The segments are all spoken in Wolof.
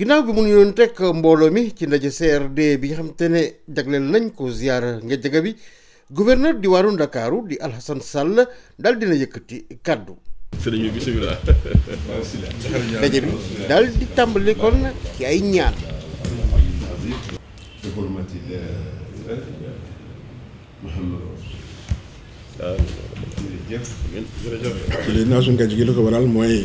ginnaaw bi mu doon tekk mbooloo mi ci ndaje CRD bi nga xam te ne jagleel nañ ko ziyaara nga jega bi gouverneur di waaru Ndakaaru di Alhassane Sall daal dina yëkkati kàddu ndaje bi daal di tàmbali kon ci ay ñaan ci les nations mooy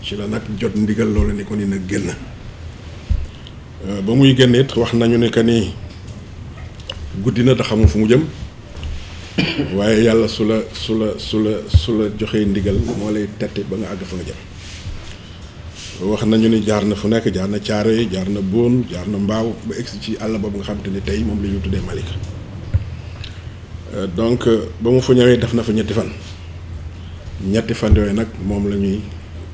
ci la nag jot ndigal lolé ni ko ni genn euh ba muy génn wax nañu ne ni guddi na te xamu fu mu jëm waye yalla sula sula sula sula su la ndigal mo lay tété ba nga ag fa nga jëm wax nañu ni jaar na fu nek jaar na ciaré jaar na bon jaar na mbaw ba ex ci alla bob nga xam tane tay mom lañu tuddé malika euh, donc ba mu fu ñëwee def na fa ñetti fan ñetti fan yoy nak mom lañuy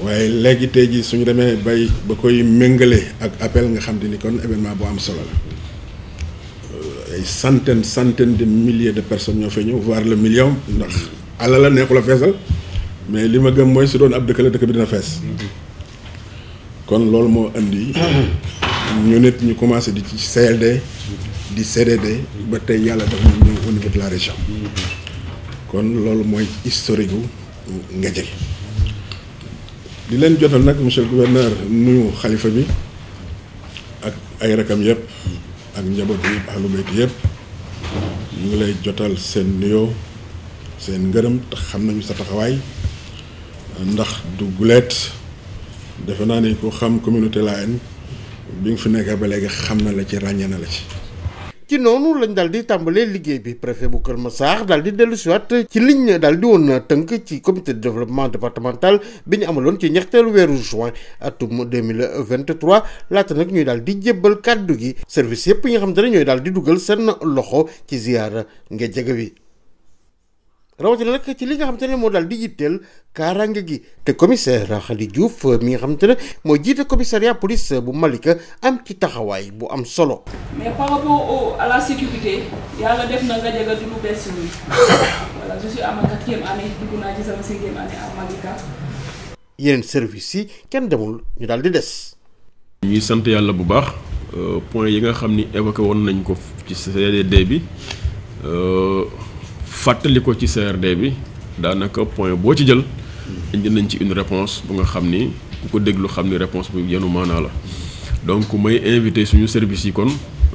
waaye léegi tey jii suñu demee bay ba koy méngale ak appel nga xam te ni kon événement bu am solo la euh, ay centaine centaine de milliers de personnes ñoo fay ñëw voire le million ndax àlla la neexu la feesal mais li ma gëm mooy su doon ab dëkk la dëkk bi dina fees kon loolu moo indi ñu ñu commencé di ci CLD di CDD ba tey yàlla daf loolu mooy historique nga Nguédiaye di leen jotal nag monsieur le gouverneur nuyu xalifa bi ak ay rakam yëpp ak njaboot yi ahlu bayt yëpp ñu ngi lay jotal seen nuyoo seen ngërëm te xam nañu sa taxawaay ndax du guleet defe naa ne ko xam communauté Layène bi nga fi nekkee ba léegi xam na la ci ràññee na la ci ci noonu lañ daldi di liggéey bi préfet bu Kër Massar daldi di dellu siwaat ci ligne daal di woon tënk ci comité de développement départemental bi ñu amaloon ci ñexteelu weeru juin atum 2023 laata nag ñuy daldi di jébbal kàddu gi service yépp yi nga xam te ñooy daal dugal seen loxo ci ziar nge jege rawatina nag ci li nga xamante ne moo daal di yitteel kaaraange gi te commissaire Khady Diouf mi nga xamante ne moo jiite commissariat police bu Malika am ci taxawaay bu am solo. mais service yi kenn demul ñu daal di des. ñuy sant yàlla bu baax euh, point yi nga xam ni évoqué nañ ko ci CDD bi. Euh, fàttali ko ci CRD bi daanaka point bo ci jël indi nañ ci une réponse bu nga xamni ku ko déglu xamni réponse bu yenu mana la donc may inviter suñu service yi kon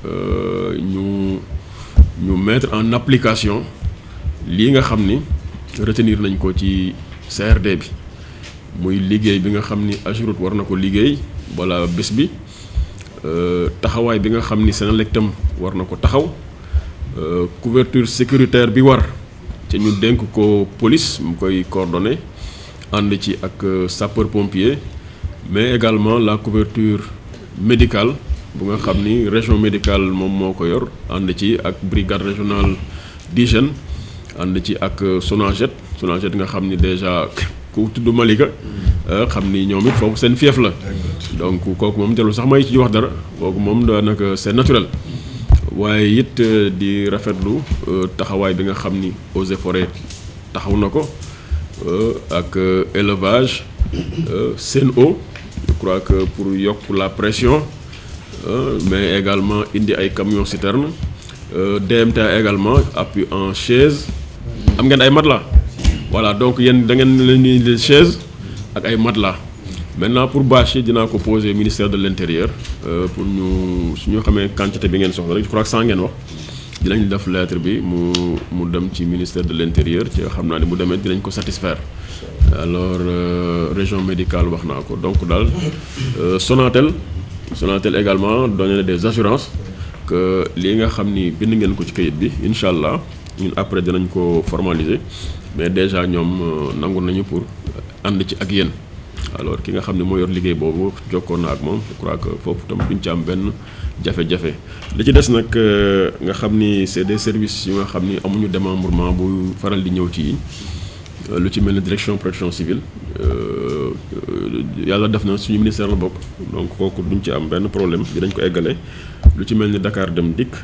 euh, ñu ñu mettre en application li nga xamni retenir nañ ko ci CRD bi muy liggéey bi nga xamni ni war nako liggéey bala bés bi euh, taxaway bi nga xamni ni war nako taxaw Euh, couverture sécuritaire bi war ci ñu dénk ko police mu koy coordonné ànd ci ak euh, sapeur pompier mais également la couverture médicale bu nga xamni ni région médicale mom moko yor and ci ak brigade régionale d'hygiène and ci ak euh, Sonaged Sonaged nga xamni ni déjà ku tudd Malika mm. xamni ni ñoom it foofu seen fief la donc kooku moom jarul sax may ci wax dara kooku moom daanaka c'est naturel mm waaye it euh, di rafetlu euh, taxawaay bi nga xam ni Eaux Forêts taxaw na ko euh, ak élevage Sen'Eau je crois que pour yokk la pression mais également indi ay camions citerne. DMTA également appui en chaise am ngeen ay matla voilà donc yéen da ngeen la ñuy chaise ak ay matelas maintenant pour bâcher dina ko poser ministère de l'intérieur euh, pour ñu su ñu xamee quantité bi ngeen soxla rek je crois que ça ngeen wax dinañ def lettre bi mu mu dem ci ministère de l'intérieur ci xamna ni ne bu demee dinañ ko satisfaire alors euh, région médicale wax naa ko donc euh, Sonatel Sonatel également donné des assurances que li nga xamni ni bind ngeen ko ci kayit bi inshallah allah ñun après dinañ ko formaliser mais déjà ñoom euh, nangu nañu pour and ci ak yéen alors ki nga xam ne moo yor liggéey boobu jokkoon na ak moom je crois que foofu tam duñ ci am benn jafe-jafe li ci des nag euh, nga xam ni c'est des services yi nga xam ni amuñu démembrement bu faral di ñëw ci euh, lu ci mel direction protection civile euh, yàlla def na suñu ministère la bokk donc kooku duñ ci am benn problème dinañ ko eggale lu ci mel ni Dakar dem dikk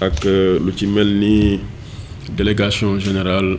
ak lu ci mel ni délégation générale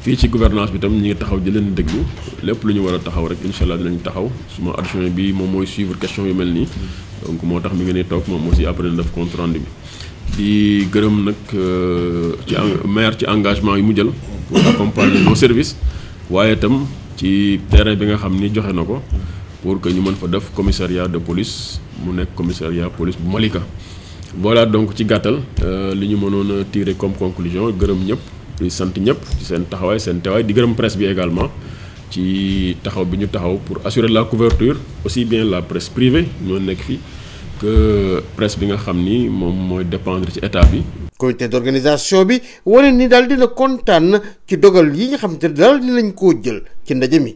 fii ci gouvernance bi tam ñi ngi taxaw di leen déglu lépp lu ñu war a taxaw rek incha allah dinañ taxaw suma adjoint bi moom mooy suivre question yu mel nii donc moo tax mi ngi ne toog moom aussi après def compte rendu bi di gërëm nag euh, ci maire ci engagement yi mu jël pour accompagner nos services waaye tam ci terrain bi nga xam ni joxe na ko pour que ñu mën fa def commissariat de police mu nekk commissariat police bu malika voilà donc ci gàttal euh, li ñu mënoon tirer comme conclusion gërëm ñëpp di sant ñëpp ci seen taxawaay seen teewaay di gërëm presse bi également ci taxaw bi ñu taxaw pour assurer la couverture aussi bien la presse privée ñoo nekk fi que presse bi nga xam ni moom mooy dépendre ci état bi. comité d'organisation bi wane ni daal dina kontaan ci dogal yi nga xam te daal dinañ koo jël ci ndaje mi.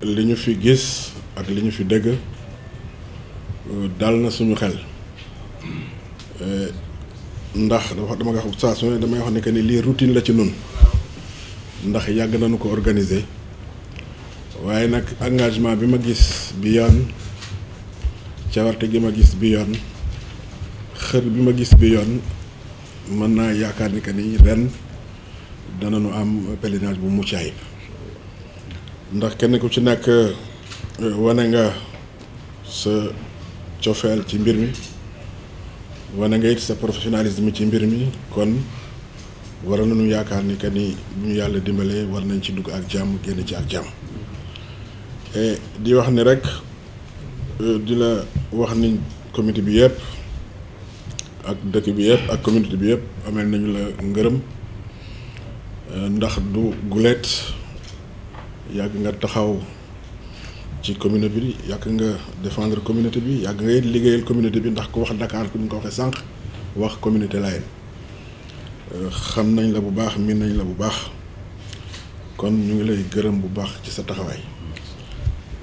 li ñu fi gis ak li ñu fi dégg euh, dal na suñu xel. Euh, ndax dafa dama nga xam saa su ne damay wax ne que ni lii routine la ci nun ndax yàgg nañu ko organiser waaye nag engagement bi ma gis bi yoon cawarte gi ma gis bi yoon xër bi ma gis bi yoon mën naa yaakaar ni que ni dana nu am pèlerinage bu mucc ndax kenn ku ci nekk eh, wane nga sa cofeel ci mbir mi wane nga it sa professionnalisme ci mbir mi kon war nañu yaakaar ni que ni bu ñu yàlla dimbalee war nañ ci dugg ak jàmm génn ci ak jàmm e di wax ni rek e di la wax ni comité bi yëpp ak dëkk bi yëpp ak communauté bi yëpp amel nañu la ngërëm e ndax du guleet yàgg nga taxaw ci communauté bi yàgg nga défendre communauté bi yàgg nga liggéeyal communauté bi ndax ku wax Dakar ku ñu ko waxee sànq wax communauté Layène euh, xam nañ la bu baax miin nañ la bu baax kon ñu ngi lay gërëm bu baax ci sa taxawaay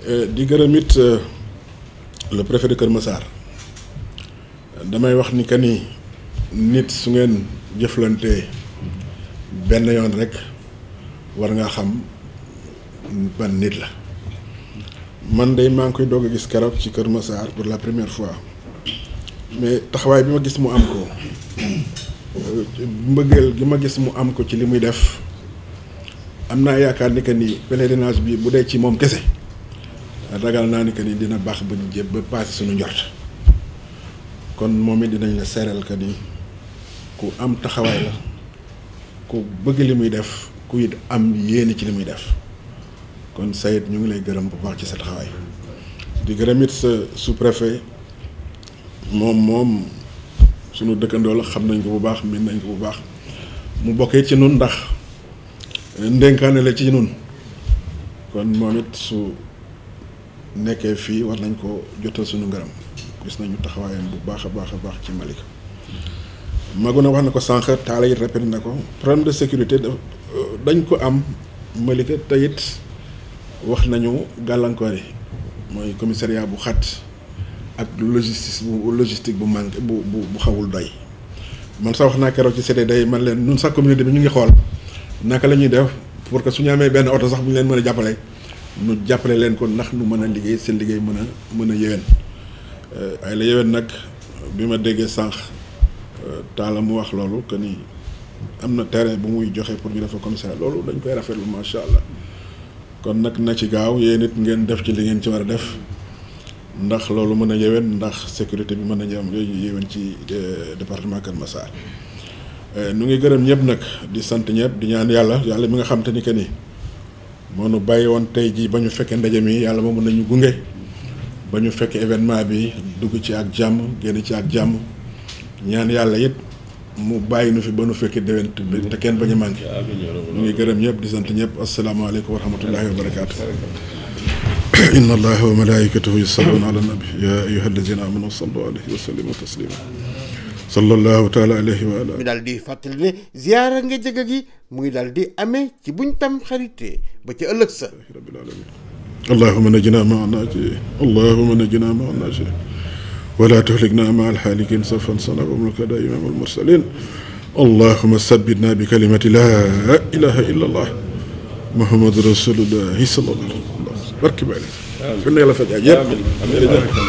euh, di gërëm it euh, le préfet Kër Massar damay wax ni que ni nit su ngeen jëflantee benn yoon rek war ngaa xam ban nit la. man day maa ngi koy dog a gis keroog ci Kër Massar pour la première fois mais taxawaay bi ma gis mu am ko euh, mbëggeel gi ma gis mu am ko ci li muy def am naa yaakaar ni que nii pèlerinage bi bu dee ci moom kese ragal naa ni que nii dina baax ba jéb ba passé suñu njort kon moom it dinañ la seeral que ni ku am taxawaay la ku bëgg li muy def ku am yéene ci li muy def kon Sayid ñu ngi lay gërëm bu baax ci sa taxawaay di gërëm it sa sous-préfet moom moom sunu dëkkandoo la xam nañ ko bu baax miin nañ ko bu baax mu bokkee ci nun ndax eh, ndénkaane la ci nun kon moom it su nekkee fii war nañ ko jotal sunu ngërëm gis nañu taxawaayam bu baax a baax a baax ci Malika Maguna wax na ko sànq taala it répété na ko problème de sécurité euh, dañ ko am Malika teyit wax nañu gàllankoor moy commissariat bu xat ak logistique bu logistique bu manke bu bu bu xawul doy man sax wax naa keroog ci CD day man len nun sa communauté bi ñu ngi xol naka lañuy def pour que suñu amé ben auto sax bu len mëna jappalé nu jappalé len ko ndax nu mëna a liggéey seen liggéey mëna a mën a euh, ay la yewen nak bima déggé sax euh, taala mu wax lolu que ni amna terrain bu muy joxé pour ñu def ko commissariat lolu dañ koy rafetlu macha allah. kon nag na ci gaaw yee nit ngeen def ci li ngeen ci war a def ndax loolu mën a yéwén ndax sécurité bi mën a jëm yéwén ci euh, département Kër Massar euh, nu ngi gërëm ñëpp nag di sant ñëpp di ñaan yàlla yàlla mi nga xam te ni que ni moo nu bàyyi woon tey jii ba ñu fekkee ndaje mii yàlla moom mën nañu gunge ba ñu fekkee événement bi dugg ci ak jàmm génn ci ak jàmm ñaan yàlla it. mu bàyyi nu fi ba nu fekkee déwén mm-hmm. kenn bañ a manqué ñu ngi gërëm ñëpp di sant ñëpp asalaamaaleykum wa rahmatullahi wa barakaatu inna allaha wa malaikatahu yusalluna ala nabi ya ayuha alladina daal di fàttali ne ziyaara nga jëga gi mu ngi daal di ame ci buñ tam xarité ba ci ëllëg sa rabbil alamin allahuma najina ma naaji allahuma najina ma naaji ولا تهلكنا مع الحالكين صرفا صنع وملك دائما المرسلين اللهم سبدنا بكلمة لا إله إلا الله محمد رسول الله صلى الله عليه وسلم بركب عليه فينا يلا فجأة